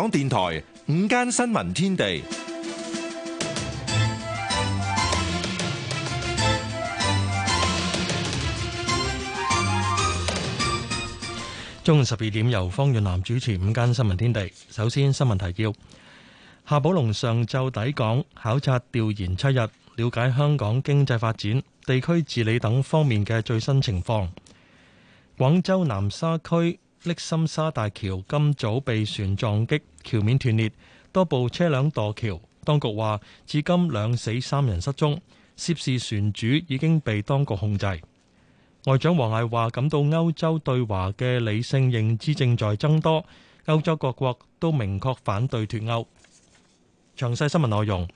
港電台午間新聞天地，中午十二點，由方潤南主持午間新聞天地。首先新聞提要：夏寶龍上晝抵港考察調研七日，了解香港經濟發展、地區治理等方面嘅最新情況。廣州南沙區。瀝心沙大橋今早被船撞擊，橋面斷裂，多部車輛墮橋。當局話，至今兩死三人失蹤，涉事船主已經被當局控制。外長王毅話：感到歐洲對華嘅理性認知正在增多，歐洲各國都明確反對脫歐。詳細新聞內容，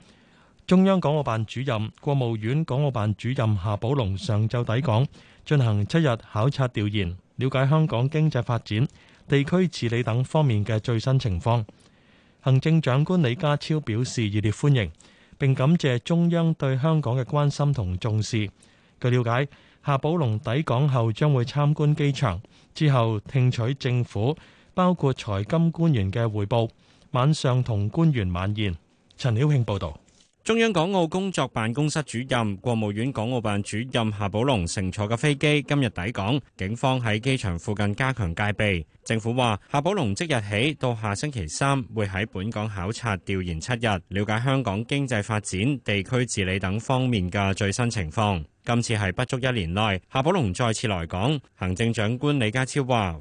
中央港澳辦主任、國務院港澳辦主任夏寶龍上晝抵港，進行七日考察調研。了解香港經濟發展、地區治理等方面嘅最新情況。行政長官李家超表示熱烈歡迎，並感謝中央對香港嘅關心同重視。據了解，夏寶龍抵港後將會參觀機場，之後聽取政府包括財金官員嘅彙報，晚上同官員晚宴。陳曉慶報道。中央港澳工作辦公室主任、國務院港澳辦主任夏寶龍乘坐嘅飛機今日抵港，警方喺機場附近加強戒備。政府話，夏寶龍即日起到下星期三會喺本港考察調研七日，了解香港經濟發展、地區治理等方面嘅最新情況。今次係不足一年內夏寶龍再次來港，行政長官李家超話。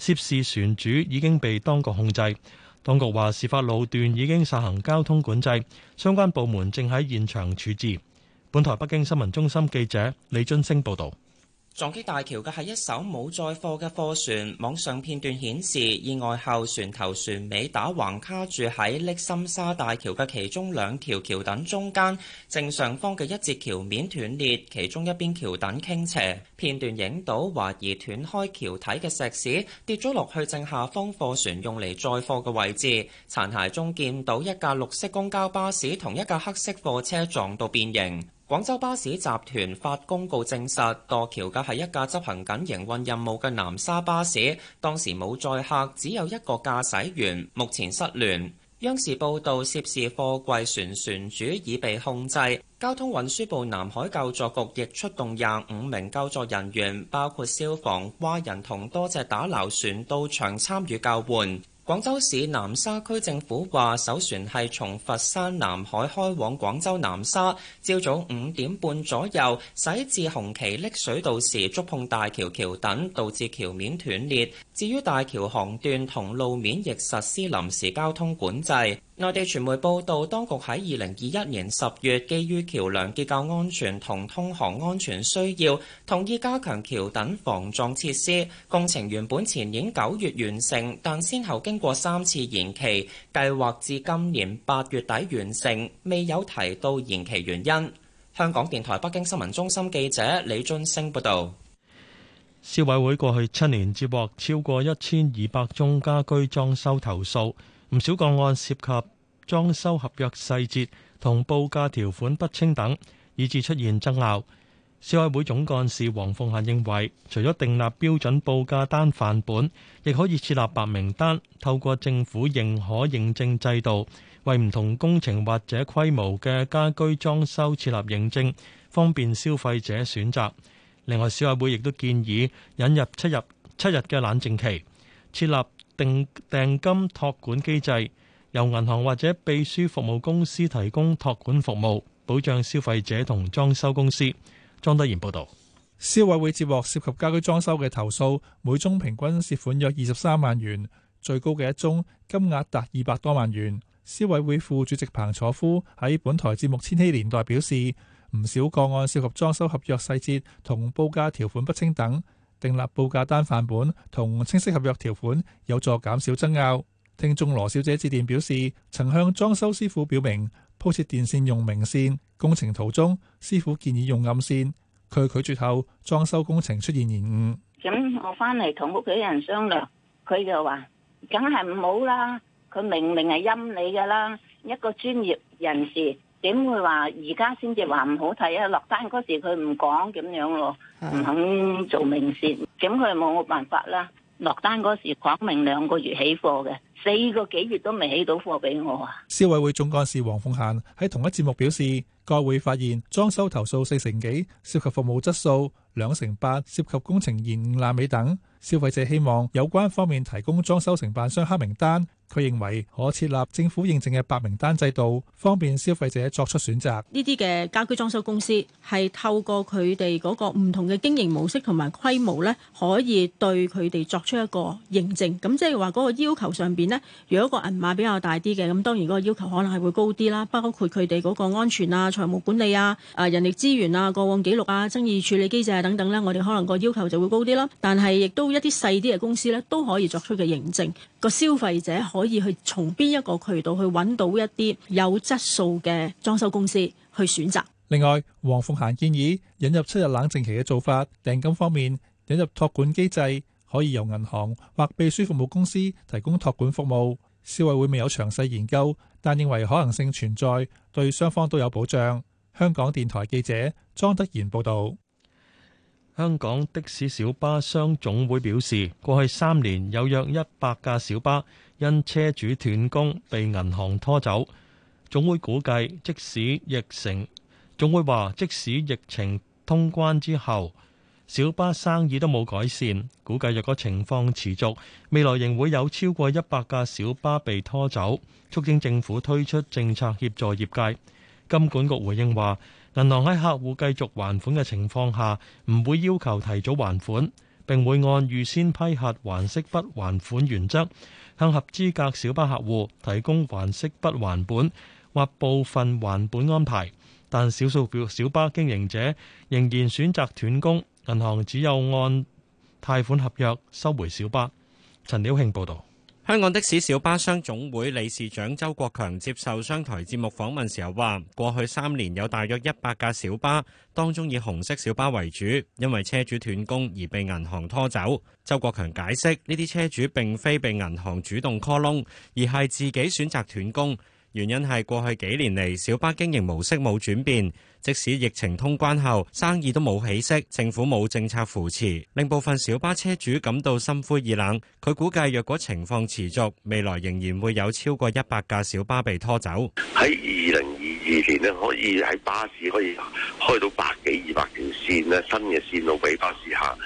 涉事船主已經被當局控制。當局話，事發路段已經實行交通管制，相關部門正喺現場處置。本台北京新聞中心記者李津升報道。撞擊大橋嘅係一艘冇載貨嘅貨船，網上片段顯示意外後，船頭船尾打橫卡住喺瀝心沙大橋嘅其中兩條橋墩中間，正上方嘅一截橋面斷裂，其中一邊橋墩傾斜。片段影到懷疑斷開橋體嘅石屎跌咗落去正下方貨船用嚟載貨嘅位置，殘骸中見到一架綠色公交巴士同一架黑色貨車撞到變形。廣州巴士集團發公告證實，墮橋嘅係一架執行緊營運任務嘅南沙巴士，當時冇載客，只有一個駕駛員，目前失聯。央視報道，涉事貨櫃船船船主已被控制。交通運輸部南海救助局亦出動廿五名救助人員，包括消防、蛙人同多隻打撈船到場參與救援。廣州市南沙區政府話，首船係從佛山南海開往廣州南沙，朝早五點半左右駛至紅旗瀝水道時觸碰大橋橋墩，導致橋面斷裂。至於大橋航段同路面，亦實施臨時交通管制。內地傳媒報道，當局喺二零二一年十月，基於橋梁結構安全同通航安全需要，同意加強橋墩防撞設施。工程原本前年九月完成，但先後經過三次延期，計劃至今年八月底完成，未有提到延期原因。香港電台北京新聞中心記者李津升報導。消委會過去七年接獲超過一千二百宗家居裝修投訴。唔少個案涉及裝修合約細節同報價條款不清等，以致出現爭拗。消委會總幹事黃鳳嫺認為，除咗訂立標準報價單範本，亦可以設立白名單，透過政府認可認證制度，為唔同工程或者規模嘅家居裝修設立認證，方便消費者選擇。另外，消委會亦都建議引入七日七日嘅冷靜期，設立。定訂金託管機制，由銀行或者秘書服務公司提供託管服務，保障消費者同裝修公司。莊德賢報道，消委會接獲涉及家居裝修嘅投訴，每宗平均涉款約二十三萬元，最高嘅一宗金額達二百多萬元。消委會副主席彭楚夫喺本台節目《千禧年代》表示，唔少個案涉及裝修合約細節同報價條款不清等。訂立報價單範本同清晰合約條款，有助減少爭拗。聽眾羅小姐致電表示，曾向裝修師傅表明鋪設電線用明線，工程途中師傅建議用暗線，佢拒絕後，裝修工程出現延誤。咁我翻嚟同屋企人商量，佢就話梗係唔好啦，佢明明係陰你噶啦，一個專業人士。點會話而家先至話唔好睇啊？落單嗰時佢唔講咁樣咯，唔肯做明線，咁佢冇個辦法啦、啊。落單嗰時講明兩個月起貨嘅，四個幾月都未起到貨俾我啊！消委會總幹事黃鳳嫻喺同一節目表示，該會發現裝修投訴四成幾涉及服務質素，兩成八涉及工程延誤、爛尾等，消費者希望有關方面提供裝修承辦商黑名單。佢認為可設立政府認證嘅白名單制度，方便消費者作出選擇。呢啲嘅家居裝修公司係透過佢哋嗰個唔同嘅經營模式同埋規模呢，可以對佢哋作出一個認證。咁即係話嗰個要求上邊呢，如果個銀碼比較大啲嘅，咁當然個要求可能係會高啲啦。包括佢哋嗰個安全啊、財務管理啊、啊人力資源啊、過往記錄啊、爭議處理機制啊等等呢，我哋可能個要求就會高啲啦。但係亦都一啲細啲嘅公司呢，都可以作出嘅認證。個消費者可以去從邊一個渠道去揾到一啲有質素嘅裝修公司去選擇。另外，黃鳳嫻建議引入七日冷靜期嘅做法，訂金方面引入託管機制，可以由銀行或秘書服務公司提供託管服務。消委會未有詳細研究，但認為可能性存在，對雙方都有保障。香港電台記者莊德賢報導。香港的士小巴商總會表示，過去三年有約一百架小巴因車主斷供被銀行拖走。總會估計，即使疫情，總會話即使疫情通關之後，小巴生意都冇改善。估計若果情況持續，未來仍會有超過一百架小巴被拖走。促請政府推出政策協助業界。金管局回應話。銀行喺客戶繼續還款嘅情況下，唔會要求提早還款，並會按預先批核還息不還款原則向合資格小巴客戶提供還息不還本或部分還本安排。但少數小巴經營者仍然選擇斷供，銀行只有按貸款合約收回小巴。陳曉慶報道。香港的士小巴商總會理事長周國強接受商台節目訪問時候話，過去三年有大約一百架小巴，當中以紅色小巴為主，因為車主斷供而被銀行拖走。周國強解釋，呢啲車主並非被銀行主動 call loan，而係自己選擇斷供。原因係過去幾年嚟，小巴經營模式冇轉變，即使疫情通關後生意都冇起色，政府冇政策扶持，令部分小巴車主感到心灰意冷。佢估計若果情況持續，未來仍然會有超過一百架小巴被拖走。喺二零二二年咧，可以喺巴士可以開到百幾二百條線咧，新嘅線路俾巴士客。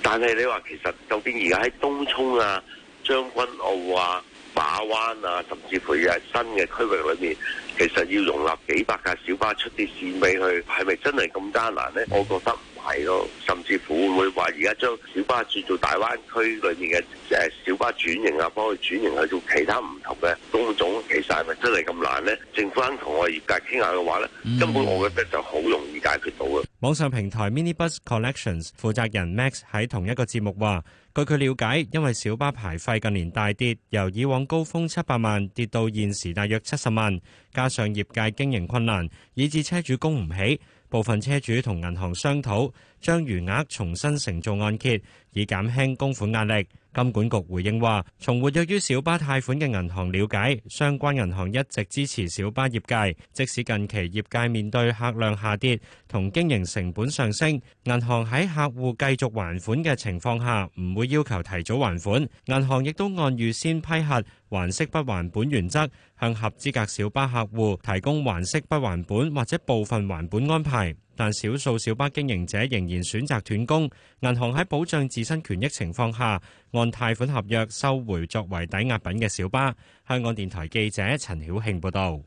但係你話其實，究竟而家喺東涌啊、將軍澳啊、馬灣啊，甚至乎喺新嘅區域裏面，其實要容納幾百架小巴出啲線尾去，係咪真係咁艱難呢？我覺得唔係咯，甚至乎會唔會話而家將小巴轉做大灣區裏面嘅誒小巴轉型啊，幫佢轉型去做其他唔同嘅工種，其實係咪真係咁難呢？政府肯同我而家傾下嘅話呢，根本我覺得就好容易解決到嘅。網上平台 Mini Bus Collections 負責人 Max 喺同一個節目話。據佢了解，因為小巴牌費近年大跌，由以往高峰七百萬跌到現時大約七十萬，加上業界經營困難，以致車主供唔起，部分車主同銀行商討。將餘額重新承做按揭，以減輕供款壓力。金管局回應話：從活躍於小巴貸款嘅銀行了解，相關銀行一直支持小巴業界，即使近期業界面對客量下跌同經營成本上升，銀行喺客戶繼續還款嘅情況下，唔會要求提早還款。銀行亦都按預先批核還息不還本原則，向合資格小巴客戶提供還息不還本或者部分還本安排。但少數小巴經營者仍然選擇斷供，銀行喺保障自身權益情況下，按貸款合約收回作為抵押品嘅小巴。香港電台記者陳曉慶報導。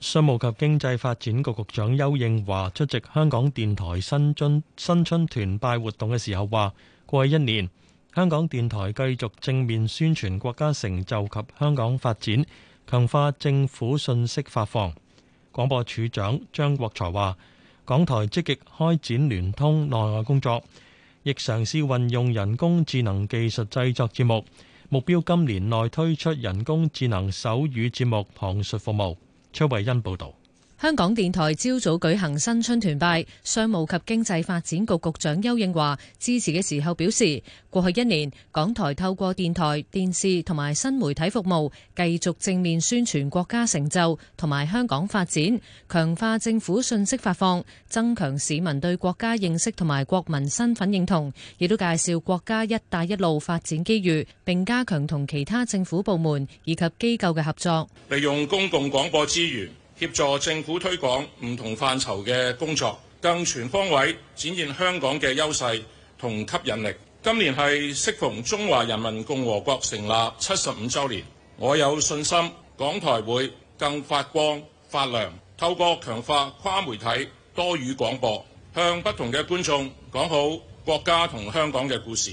商務及經濟發展局局長邱應華出席香港電台新春新春團拜活動嘅時候話：過去一年，香港電台繼續正面宣傳國家成就及香港發展，強化政府信息發放。廣播處長張國財話。港台積極開展聯通內外工作，亦嘗試運用人工智能技術製作節目，目標今年內推出人工智能手語節目旁述服務，崔慧欣報道。香港電台朝早舉行新春團拜，商務及經濟發展局局長邱應華致辭嘅時候表示，過去一年港台透過電台、電視同埋新媒體服務，繼續正面宣傳國家成就同埋香港發展，強化政府信息發放，增強市民對國家認識同埋國民身份認同，亦都介紹國家“一帶一路”發展機遇，並加強同其他政府部門以及機構嘅合作，利用公共廣播資源。協助政府推廣唔同範疇嘅工作，更全方位展現香港嘅優勢同吸引力。今年係適逢中華人民共和國成立七十五週年，我有信心港台會更發光發亮，透過強化跨媒體多語廣播，向不同嘅觀眾講好國家同香港嘅故事。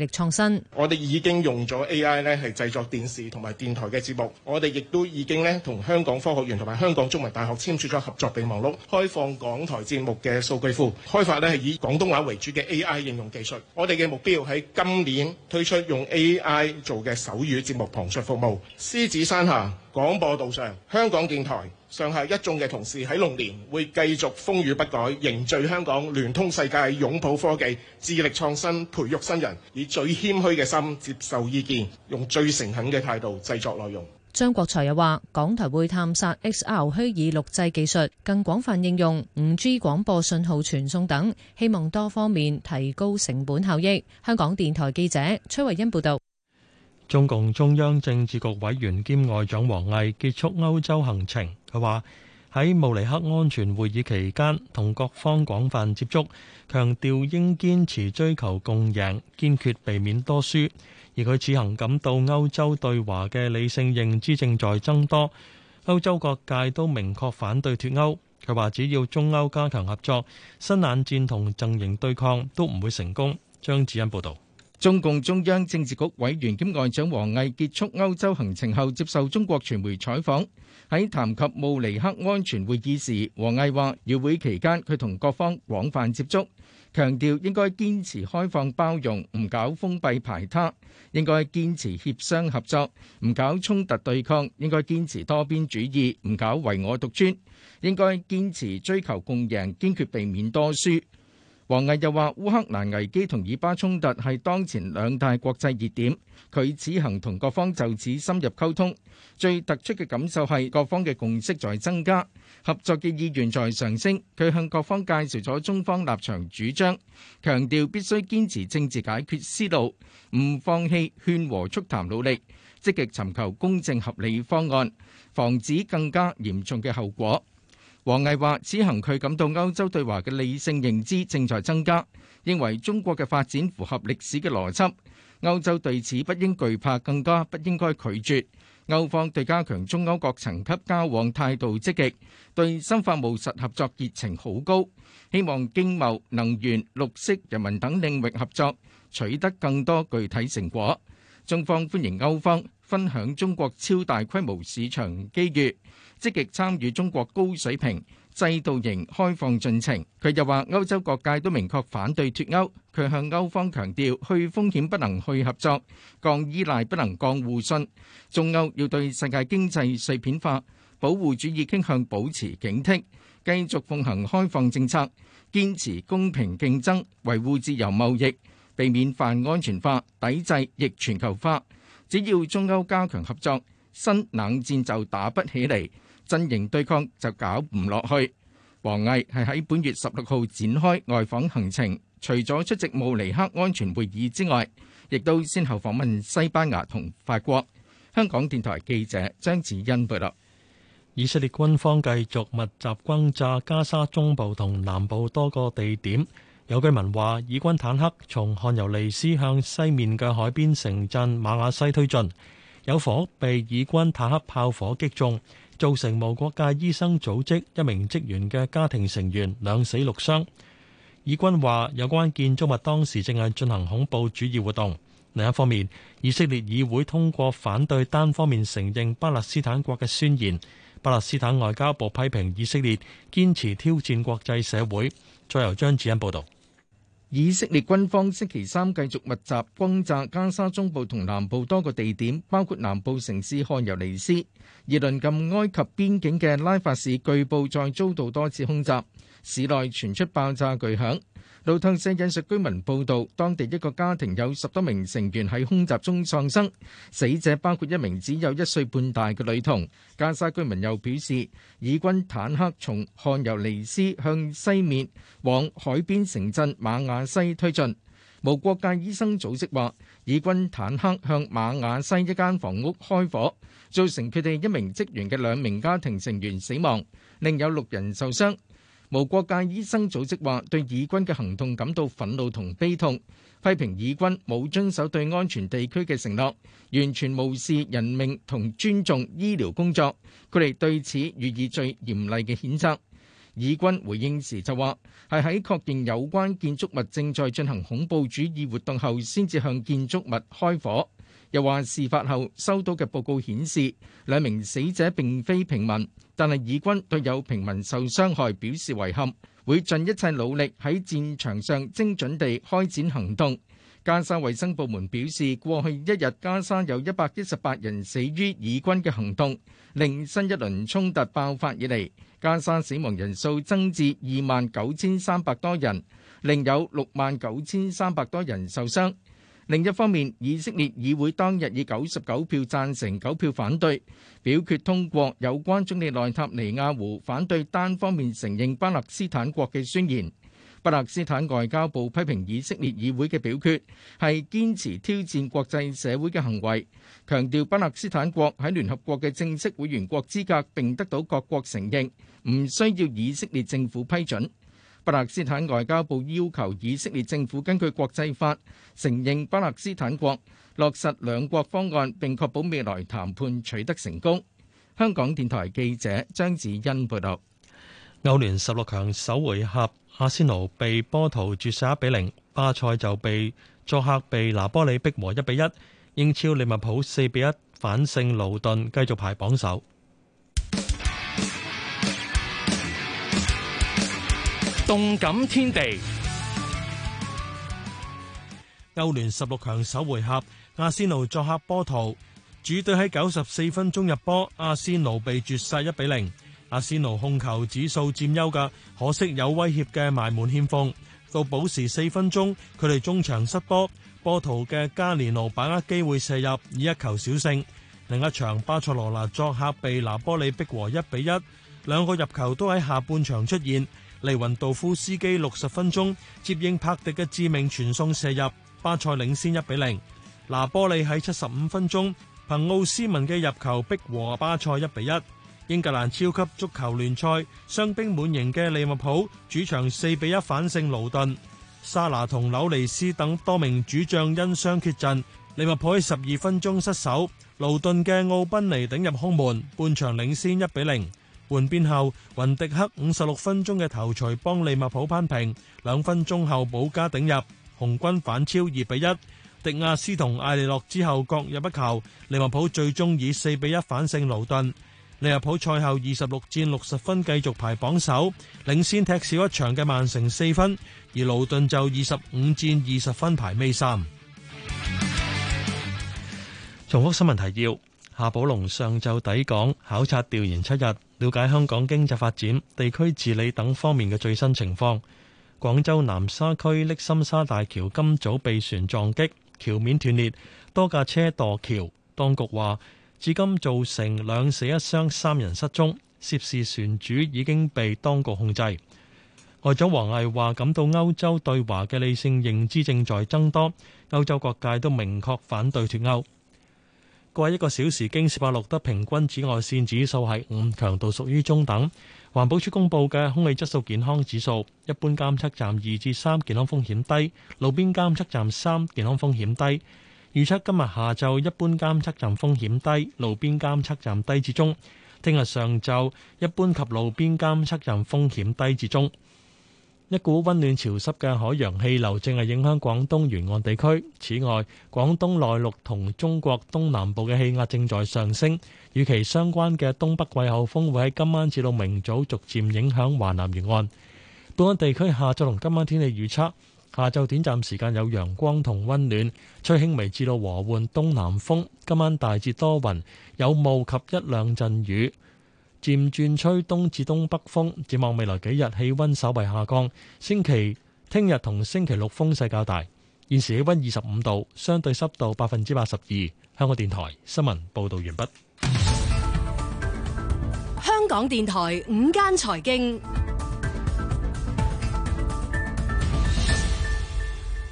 力創新，我哋已經用咗 AI 咧係製作電視同埋電台嘅節目。我哋亦都已經咧同香港科學園同埋香港中文大學簽署咗合作備忘錄，開放港台節目嘅數據庫，開發咧係以廣東話為主嘅 AI 應用技術。我哋嘅目標喺今年推出用 AI 做嘅手語節目旁述服務。獅子山下，廣播道上，香港電台。上下一眾嘅同事喺龍年會繼續風雨不改，凝聚香港，聯通世界，擁抱科技，致力創新，培育新人，以最謙虛嘅心接受意見，用最誠懇嘅態度製作內容。張國才又話：港台會探索 XR 虛擬錄製技術，更廣泛應用 5G 廣播信號傳送等，希望多方面提高成本效益。香港電台記者崔慧欣報道。中共中央政治局委員兼外長王毅結束歐洲行程。佢話：喺慕尼黑安全會議期間，同各方廣泛接觸，強調應堅持追求共贏，堅決避免多輸。而佢此行感到歐洲對華嘅理性認知正在增多，歐洲各界都明確反對脱歐。佢話：只要中歐加強合作，新冷戰同陣營對抗都唔會成功。張子欣報道。中共中央政治局委員兼外長王毅結束歐洲行程後，接受中國傳媒採訪。喺談及慕尼黑安全會議時，王毅話，與會期間，佢同各方廣泛接觸，強調應該堅持開放包容，唔搞封閉排他；應該堅持協商合作，唔搞衝突對抗；應該堅持多邊主義，唔搞唯我獨尊；應該堅持追求共贏，堅決避免多輸。王毅又話：烏克蘭危機同以巴衝突係當前兩大國際熱點，佢此行同各方就此深入溝通，最突出嘅感受係各方嘅共識在增加，合作嘅意願在上升。佢向各方介紹咗中方立場主張，強調必須堅持政治解決思路，唔放棄勸和促談努力，積極尋求公正合理方案，防止更加嚴重嘅後果。王毅話：此行佢感到歐洲對華嘅理性認知正在增加，認為中國嘅發展符合歷史嘅邏輯，歐洲對此不應懼怕，更加不應該拒絕。歐方對加強中歐各層級交往態度積極，對深化務實合作熱情好高，希望經貿、能源、綠色、人民等領域合作取得更多具體成果。中方歡迎歐方分享中國超大規模市場機遇，積極參與中國高水平制度型開放進程。佢又話：歐洲各界都明確反對脫歐。佢向歐方強調，去風險不能去合作，降依賴不能降互信。中歐要對世界經濟碎片化、保護主義傾向保持警惕，繼續奉行開放政策，堅持公平競爭，維護自由貿易。避免泛安全化、抵制逆全球化，只要中歐加強合作，新冷戰就打不起嚟，陣營對抗就搞唔落去。王毅係喺本月十六號展開外訪行程，除咗出席慕尼黑安全會議之外，亦都先後訪問西班牙同法國。香港電台記者張子欣報道，以色列軍方繼續密集轟炸加沙中部同南部多個地點。有居民話，以軍坦克從漢尤尼斯向西面嘅海邊城鎮馬雅西推進，有房屋被以軍坦克炮火擊中，造成無國界醫生組織一名職員嘅家庭成員兩死六傷。以軍話，有關建築物當時正係進行恐怖主義活動。另一方面，以色列議會通過反對單方面承認巴勒斯坦國嘅宣言。巴勒斯坦外交部批評以色列堅持挑戰國際社會。再由張子欣報道。以色列軍方星期三繼續密集轟炸加沙中部同南部多個地點，包括南部城市汗尤尼斯，而鄰近埃及邊境嘅拉法市，據報再遭到多次轟炸，市內傳出爆炸巨響。路透社引述居民報道，當地一個家庭有十多名成員喺空襲中喪生，死者包括一名只有一歲半大嘅女童。加沙居民又表示，以軍坦克從汗尤尼斯向西面往海邊城鎮馬雅西推進。無國界醫生組織話，以軍坦克向馬雅西一間房屋開火，造成佢哋一名職員嘅兩名家庭成員死亡，另有六人受傷。無國界醫生組織話對以軍嘅行動感到憤怒同悲痛，批評以軍冇遵守對安全地區嘅承諾，完全無視人命同尊重醫療工作。佢哋對此予以最嚴厲嘅譴責。以軍回應時就話係喺確認有關建築物正在進行恐怖主義活動後，先至向建築物開火。又話事發後收到嘅報告顯示，兩名死者並非平民。但係，以軍對有平民受傷害表示遺憾，會盡一切努力喺戰場上精準地開展行動。加沙衛生部門表示，過去一日加沙有一百一十八人死於以軍嘅行動，令新一輪衝突爆發以嚟，加沙死亡人數增至二萬九千三百多人，另有六萬九千三百多人受傷。另一方面，以色列議會當日以九十九票贊成、九票反對，表決通過有關總理內塔尼亞胡反對單方面承認巴勒斯坦國嘅宣言。巴勒斯坦外交部批評以色列議會嘅表決係堅持挑戰國際社會嘅行為，強調巴勒斯坦國喺聯合國嘅正式會員國資格並得到各國承認，唔需要以色列政府批准。巴勒斯坦外交部要求以色列政府根據國際法承認巴勒斯坦國落實兩國方案並確保未來談判取得成功。香港電台記者張子欣報道。歐聯十六強首回合，阿仙奴被波圖絕殺1比零，巴塞就被作客被拿波里逼和一比一。英超利物浦四比一反勝魯頓繼續排榜首。動感天地，歐聯十六強首回合，阿仙奴作客波圖，主隊喺九十四分鐘入波，阿仙奴被絕殺一比零。阿仙奴控球指數佔優嘅，可惜有威脅嘅埋門欠奉。到補時四分鐘，佢哋中場失波，波圖嘅加連奴把握機會射入，以一球小勝。另一場巴塞羅那作客被拿波里逼和一比一，兩個入球都喺下半場出現。利雲道夫斯基六十分鐘接應帕迪嘅致命傳送射入，巴塞領先一比零。拿波利喺七十五分鐘憑奧斯文嘅入球逼和巴塞一比一。英格蘭超級足球聯賽傷兵滿營嘅利物浦主場四比一反勝勞頓。沙拿同紐尼斯等多名主將因傷缺陣，利物浦喺十二分鐘失守，勞頓嘅奧賓尼頂入空門，半場領先一比零。換邊後，雲迪克五十六分鐘嘅頭槌幫利物浦扳平。兩分鐘後，保加頂入，紅軍反超二比一。迪亞斯同艾利洛之後各入一球，利物浦最終以四比一反勝盧頓。利物浦賽後二十六戰六十分，繼續排榜首，領先踢少一場嘅曼城四分，而盧頓就二十五戰二十分排尾三。重複新聞提要：夏寶龍上晝抵港考察調研七日。了解香港經濟發展、地區治理等方面嘅最新情況，廣州南沙區瀝心沙大橋今早被船撞擊，橋面斷裂，多架車墮橋。當局話至今造成兩死一傷，三人失蹤，涉事船主已經被當局控制。外長王毅話感到歐洲對華嘅理性認知正在增多，歐洲各界都明確反對脱歐。過一個小時，京士柏錄得，平均紫外線指數係五，強度屬於中等。環保署公布嘅空氣質素健康指數，一般監測站二至三，健康風險低；路邊監測站三，健康風險低。預測今日下晝一般監測站風險低，路邊監測站低至中。聽日上晝一般及路邊監測站風險低至中。一股溫暖潮濕嘅海洋氣流正係影響廣東沿岸地區，此外，廣東內陸同中國東南部嘅氣壓正在上升，與其相關嘅東北季候風會喺今晚至到明早逐漸影響華南沿岸。本港地區下晝同今晚天氣預測，下晝短暫時間有陽光同溫暖，吹輕微至到和緩東南風，今晚大致多雲有霧及一兩陣雨。漸轉吹東至東北風，展望未來幾日氣溫稍為下降。星期聽日同星期六風勢較大。現時氣溫二十五度，相對濕度百分之八十二。香港電台新聞報道完畢。香港電台午間財經，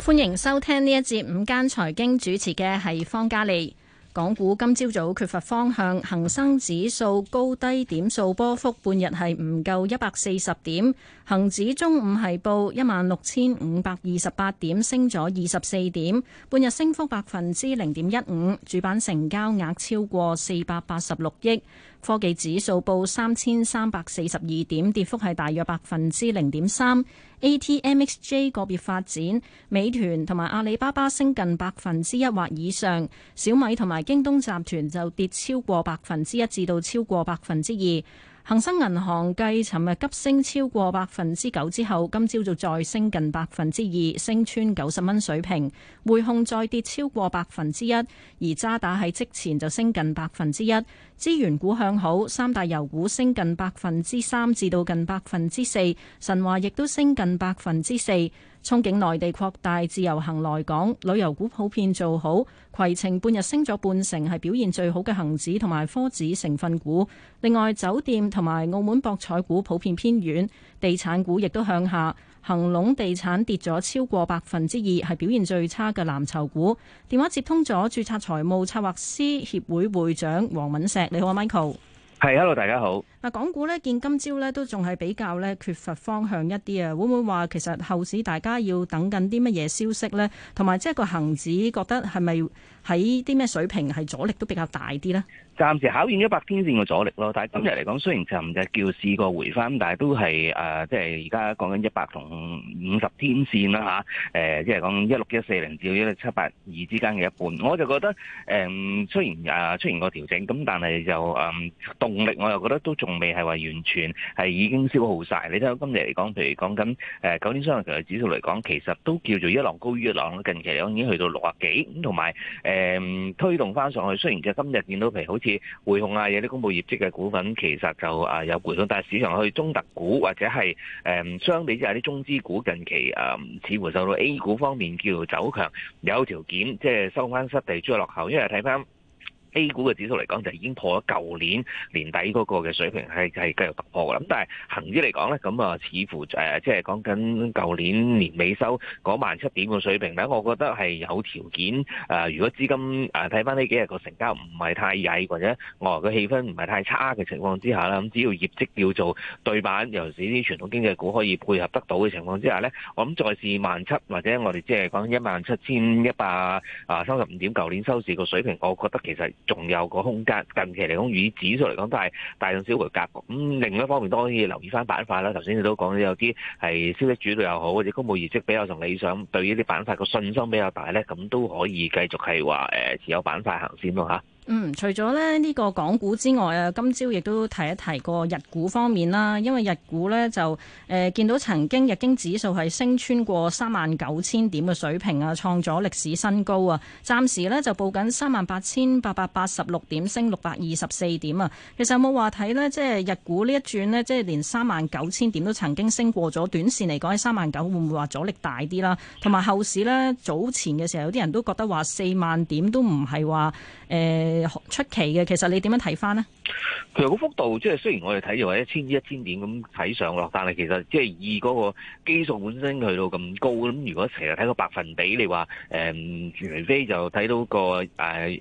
歡迎收聽呢一節午間財經主持嘅係方嘉莉。港股今朝早缺乏方向，恒生指數高低點數波幅半日係唔夠一百四十點，恒指中午係報一萬六千五百二十八點，升咗二十四點，半日升幅百分之零點一五，主板成交額超過四百八十六億。科技指數報三千三百四十二點，跌幅係大約百分之零點三。A.T.M.X.J 個別發展，美團同埋阿里巴巴升近百分之一或以上，小米同埋京東集團就跌超過百分之一至到超過百分之二。恒生銀行繼尋日急升超過百分之九之後，今朝就再升近百分之二，升穿九十蚊水平，匯控再跌超過百分之一，而渣打喺即前就升近百分之一。資源股向好，三大油股升近百分之三至到近百分之四，神華亦都升近百分之四。憧憬內地擴大自由行來港，旅遊股普遍做好，攜程半日升咗半成，係表現最好嘅恒指同埋科指成分股。另外，酒店同埋澳門博彩股普遍偏軟，地產股亦都向下。恒隆地產跌咗超過百分之二，係表現最差嘅藍籌股。電話接通咗註冊財務策劃師協會會長黃敏石，你好啊，Michael。係，hey，Hello，大家好。嗱，港股咧見今朝咧都仲係比較咧缺乏方向一啲啊，會唔會話其實後市大家要等緊啲乜嘢消息咧？同埋即係個恆指覺得係咪喺啲咩水平係阻力都比較大啲咧？暫時考驗一百天線嘅阻力咯，但係今日嚟講，雖然就唔係叫試過回返，但係都係誒、呃，即係而家講緊一百同五十天線啦嚇，誒、呃、即係講一六一四零至一六七八二之間嘅一半，我就覺得誒、呃、雖然誒出現個調整咁，但係就誒、呃、動力我又覺得都仲。仲未係話完全係已經消耗曬，你睇到今日嚟講，譬如講緊誒九天商業權嘅指數嚟講，其實都叫做一浪高於一浪，近期嚟講已經去到六啊幾，咁同埋誒推動翻上去。雖然嘅今日見到譬如好似匯控啊，有啲公布業績嘅股份，其實就啊有回升，但係市場去中特股或者係誒相比之下啲中資股近期誒似乎受到 A 股方面叫做走強，有條件即係收翻失地，追落後，因為睇翻。A 股嘅指數嚟講，就已經破咗舊年年底嗰個嘅水平，係係繼續突破㗎啦。但係恆指嚟講咧，咁啊似乎誒、就是，即係講緊舊年年尾收嗰萬七點嘅水平咧，我覺得係有條件誒、呃。如果資金誒睇翻呢幾日個成交唔係太曳，或者外嘅氣氛唔係太差嘅情況之下啦，咁只要業績叫做對板，尤其是啲傳統經濟股可以配合得到嘅情況之下咧，我諗再試萬七或者我哋即係講一萬七千一百啊三十五點舊年收市個水平，我覺得其實。仲有個空間，近期嚟講，以指數嚟講都係大漲小回格局。咁、嗯、另一方面，都可以留意翻板塊啦。頭先你都講有啲係消息主導又好，或者公佈業績比較同理想，對於啲板塊個信心比較大咧，咁都可以繼續係話誒持有板塊行先咯嚇。嗯，除咗呢呢個港股之外啊，今朝亦都提一提過日股方面啦。因為日股呢，就誒、呃、見到曾經日經指數係升穿過三萬九千點嘅水平啊，創咗歷史新高啊。暫時呢，就報緊三萬八千八百八十六點，升六百二十四點啊。其實有冇話睇呢？即係日股呢一轉呢，即係連三萬九千點都曾經升過咗，短線嚟講喺三萬九，39，會唔會話阻力大啲啦？同埋後市呢，早前嘅時候有啲人都覺得話四萬點都唔係話誒。呃出奇嘅，其實你點樣睇翻咧？其實嗰幅度即係雖然我哋睇住話一千至一千點咁睇上落，但係其實即係以嗰個基數本身去到咁高，咁如果成日睇個百分比，你話誒除非，就睇到、嗰個誒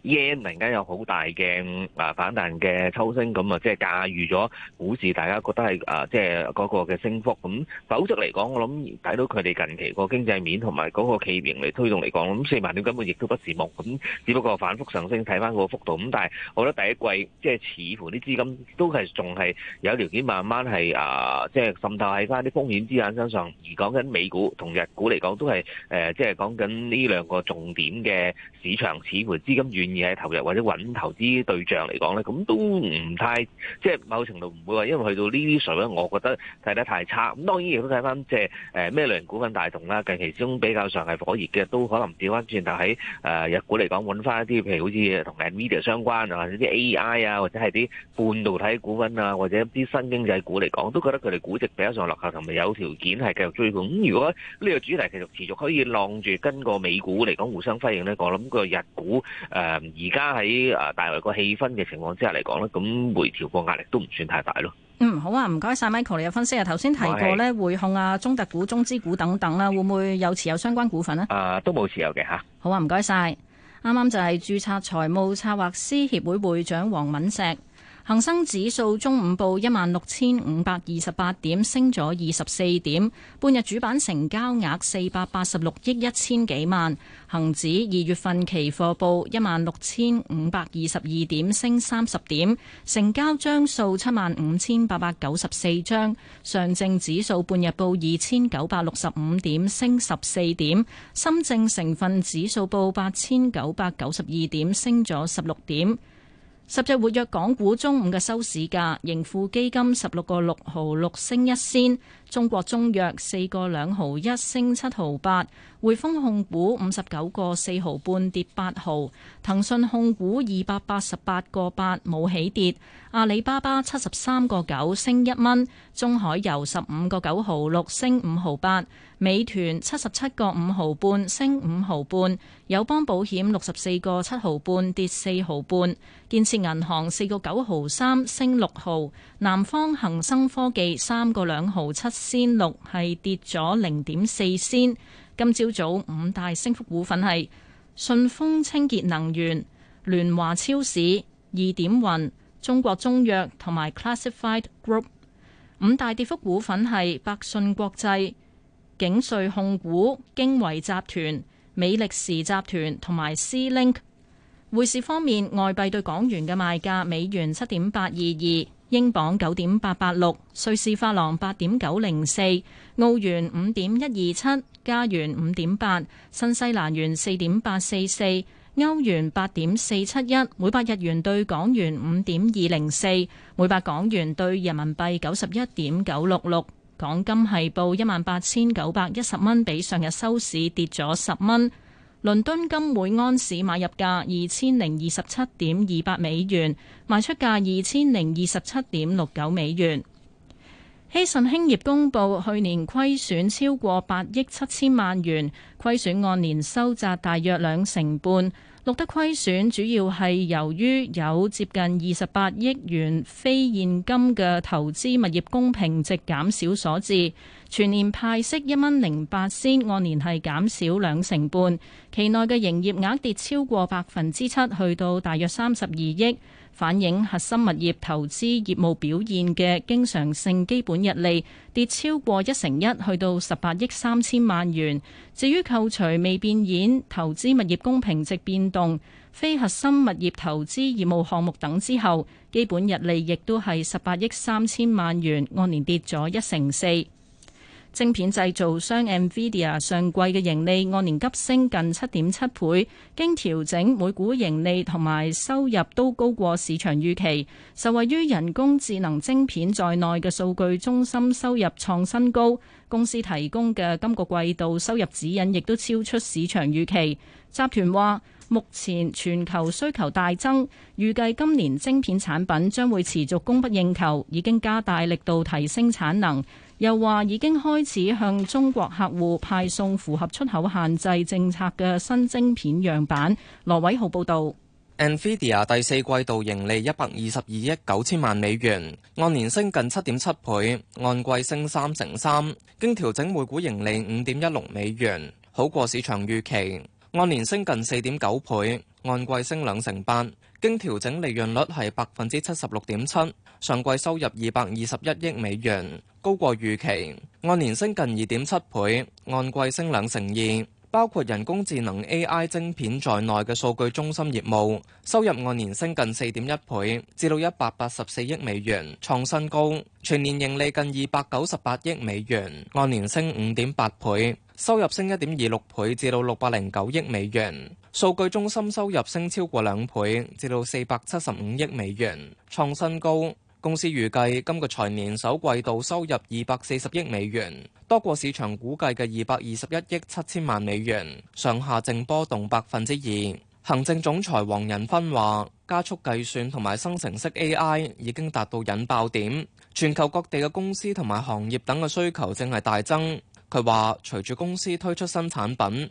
yen 突然間有好大嘅啊反彈嘅抽升咁啊，即係駕馭咗股市，大家覺得係啊，即係嗰個嘅升幅咁，否則嚟講，我諗睇到佢哋近期個經濟面同埋嗰個企業盈嚟推動嚟講，咁四萬點根本亦都不是夢。咁，只不過反復上升睇翻個幅度咁，但係我覺得第一季即係、就是、似。乎啲資金都係仲係有條件慢慢係啊，即係滲透喺翻啲風險資產身上。而講緊美股同日股嚟講，都係誒，即係講緊呢兩個重點嘅市場，似乎資金願意喺投入或者揾投資對象嚟講咧，咁都唔太即係某程度唔會話，因為去到呢啲水平，我覺得睇得太差。咁當然亦都睇翻即係誒咩類型股份大同啦，近期始終比較上係火熱嘅，都可能調翻轉頭喺誒日股嚟講揾翻一啲，譬如好似同 Nvidia 相關啊，或者啲 AI 啊，或者係啲半導體股份啊，或者一啲新經濟股嚟講，都覺得佢哋估值比較上落後，同埋有條件係繼續追捧。咁如果呢個主題繼續持續可以浪住，跟個美股嚟講互相輝映咧，我諗個日股誒，而家喺誒，大圍個氣氛嘅情況之下嚟講呢，咁回調個壓力都唔算太大咯。嗯，好啊，唔該晒，Michael 你嘅分析啊。頭先提過呢，是匯控啊、中特股、中資股等等啦、啊，會唔會有持有相關股份呢、啊？誒、呃，都冇持有嘅吓、啊。好啊，唔該晒。啱啱就係註冊財務策劃師協會會長黃敏石。恒生指數中午報一萬六千五百二十八點，升咗二十四點。半日主板成交額四百八十六億一千幾萬。恒指二月份期貨報一萬六千五百二十二點，升三十點，成交張數七萬五千八百九十四張。上證指數半日報二千九百六十五點，升十四點。深證成分指數報八千九百九十二點，升咗十六點。十隻活躍港股中午嘅收市價，盈富基金十六個六毫六升一仙。中國中藥四個兩毫一升七毫八，匯豐控股五十九個四毫半跌八毫，騰訊控股二百八十八個八冇起跌，阿里巴巴七十三個九升一蚊，中海油十五個九毫六升五毫八，美團七十七個五毫半升五毫半，友邦保險六十四個七毫半跌四毫半，建設銀行四個九毫三升六毫，南方恒生科技三個兩毫七。仙六係跌咗零點四仙。今朝早，早五大升幅股份係順豐清潔能源、聯華超市、易點雲、中國中藥同埋 Classified Group。五大跌幅股份係百信國際、景瑞控股、京維集團、美力時集團同埋 C Link。匯市方面，外幣對港元嘅賣價，美元七點八二二。英鎊九點八八六，瑞士法郎八點九零四，澳元五點一二七，加元五點八，新西蘭元四點八四四，歐元八點四七一，每百日元對港元五點二零四，每百港元對人民幣九十一點九六六，港金係報一萬八千九百一十蚊，比上日收市跌咗十蚊。倫敦金每盎士買入價二千零二十七點二百美元，賣出價二千零二十七點六九美元。希慎興業公布去年虧損超過八億七千萬元，虧損按年收窄大約兩成半。錄得虧損主要係由於有接近二十八億元非現金嘅投資物業公平值減少所致，全年派息一蚊零八仙，按年係減少兩成半，期內嘅營業額跌超過百分之七，去到大約三十二億。反映核心物業投資業務表現嘅經常性基本日利跌超過一成一，去到十八億三千萬元。至於扣除未變現投資物業公平值變動、非核心物業投資業務項目等之後，基本日利亦都係十八億三千萬元，按年跌咗一成四。晶片製造商 NVIDIA 上季嘅盈利按年急升近七點七倍，經調整每股盈利同埋收入都高過市場預期，受惠於人工智能晶片在內嘅數據中心收入創新高。公司提供嘅今個季度收入指引亦都超出市場預期。集團話目前全球需求大增，預計今年晶片產品將會持續供不應求，已經加大力度提升產能。又話已經開始向中國客戶派送符合出口限制政策嘅新晶片樣板。羅偉豪報導。Nvidia 第四季度盈利一百二十二億九千萬美元，按年升近七點七倍，按季升三成三，經調整每股盈利五點一六美元，好過市場預期，按年升近四點九倍，按季升兩成八，經調整利潤率係百分之七十六點七。上季收入二百二十一億美元。超過預期，按年升近二點七倍，按季升兩成二。包括人工智能 AI 晶片在內嘅數據中心業務收入按年升近四點一倍，至到一百八十四億美元，創新高。全年盈利近二百九十八億美元，按年升五點八倍，收入升一點二六倍，至到六百零九億美元。數據中心收入升超過兩倍，至到四百七十五億美元，創新高。公司預計今個財年首季度收入二百四十億美元，多過市場估計嘅二百二十一億七千萬美元，上下淨波動百分之二。行政總裁黃仁勳話：加速計算同埋生成式 AI 已經達到引爆點，全球各地嘅公司同埋行業等嘅需求正係大增。佢話：隨住公司推出新產品。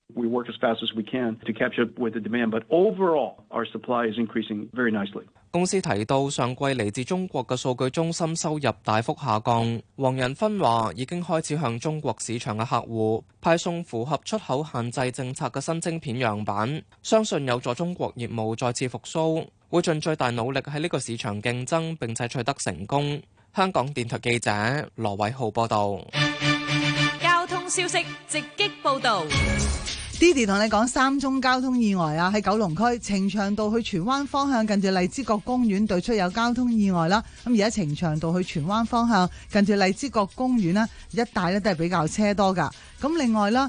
公司提到，上季嚟自中國嘅數據中心收入大幅下降。黃仁勳話，已經開始向中國市場嘅客戶派送符合出口限制政策嘅新晶片樣板，相信有助中國業務再次復蘇，會盡最大努力喺呢個市場競爭，並且取得成功。香港電台記者羅偉浩報道。交通消息直擊報道。Didi 同你講三宗交通意外啊，喺九龍區呈祥道去荃灣方向近住荔枝角公園對出有交通意外啦。咁而家呈祥道去荃灣方向近住荔枝角公園呢，一帶咧都係比較車多噶。咁另外啦。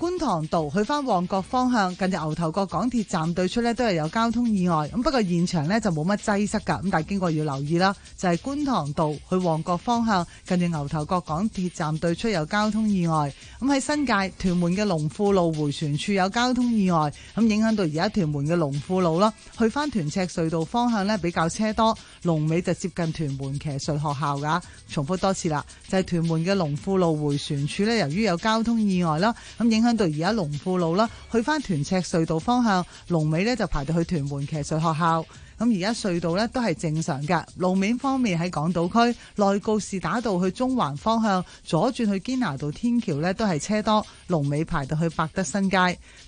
觀塘道去翻旺角方向，近住牛頭角港鐵站對出呢，都係有交通意外。咁不過現場呢，就冇乜擠塞噶。咁但係經過要留意啦，就係觀塘道去旺角方向，近住牛頭角港鐵站對出有交通意外。咁喺新界屯門嘅龍富路回旋處有交通意外，咁影響到而家屯門嘅龍富路啦。去翻屯赤隧道方向呢，比較車多，龍尾就接近屯門騎術學校噶。重複多次啦，就係屯門嘅龍富路回旋處呢，由於有交通意外啦，咁影響。翻到而家龍富路啦，去返屯赤隧道方向龍尾咧就排到去屯門騎術學校。咁而家隧道呢都係正常嘅，路面方面喺港島區，內告士打道去中環方向，左轉去堅拿道天橋呢都係車多，龍尾排到去百德新街。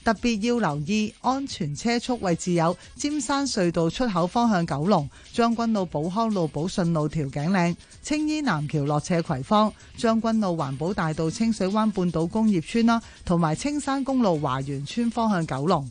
特別要留意安全車速位置有：尖山隧道出口方向九龍將軍澳、寶康路、寶順路、調景嶺、青衣南橋落斜葵芳、將軍澳、環保大道、清水灣半島工業村啦，同埋青山公路華園村方向九龍。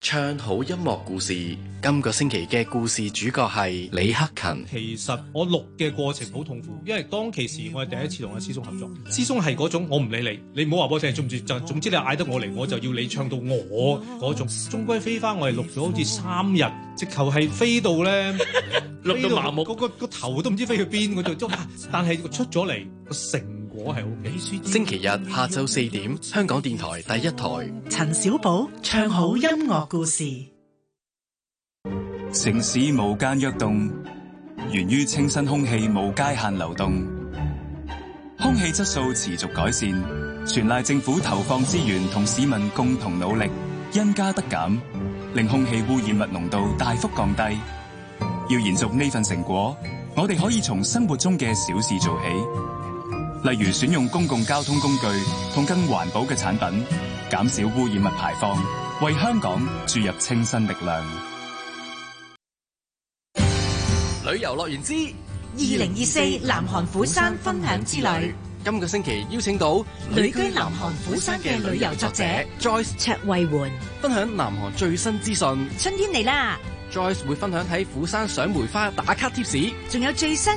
唱好音樂故事，今個星期嘅故事主角係李克勤。其實我錄嘅過程好痛苦，因為當其時我係第一次同阿師松合作，師松係嗰種我唔理你，你唔好話我聽，中唔中？總之你嗌得我嚟，我就要你唱到我嗰種。終歸飛翻，我係錄咗好似三日，直頭係飛到咧， 錄到麻木，個、個、個頭都唔知飛去邊嗰度。 但係出咗嚟，個成。星期日下晝四點，香港電台第一台。陳小寶唱好音樂故事。城市無間躍動，源於清新空氣無界限流動。空氣質素持續改善，全賴政府投放資源同市民共同努力，因加得減，令空氣污染物濃度大幅降低。要延續呢份成果，我哋可以從生活中嘅小事做起。例如，選用公共交通工具同更環保嘅產品，減少污染物排放，為香港注入清新力量。旅遊樂園之二零二四南韓釜山分享之旅，今個星期邀請到旅居南韓釜山嘅旅遊作者 Joyce 卓慧媛，分享南韓最新資訊。春天嚟啦，Joyce 會分享喺釜山賞梅花打卡貼士，仲有最新。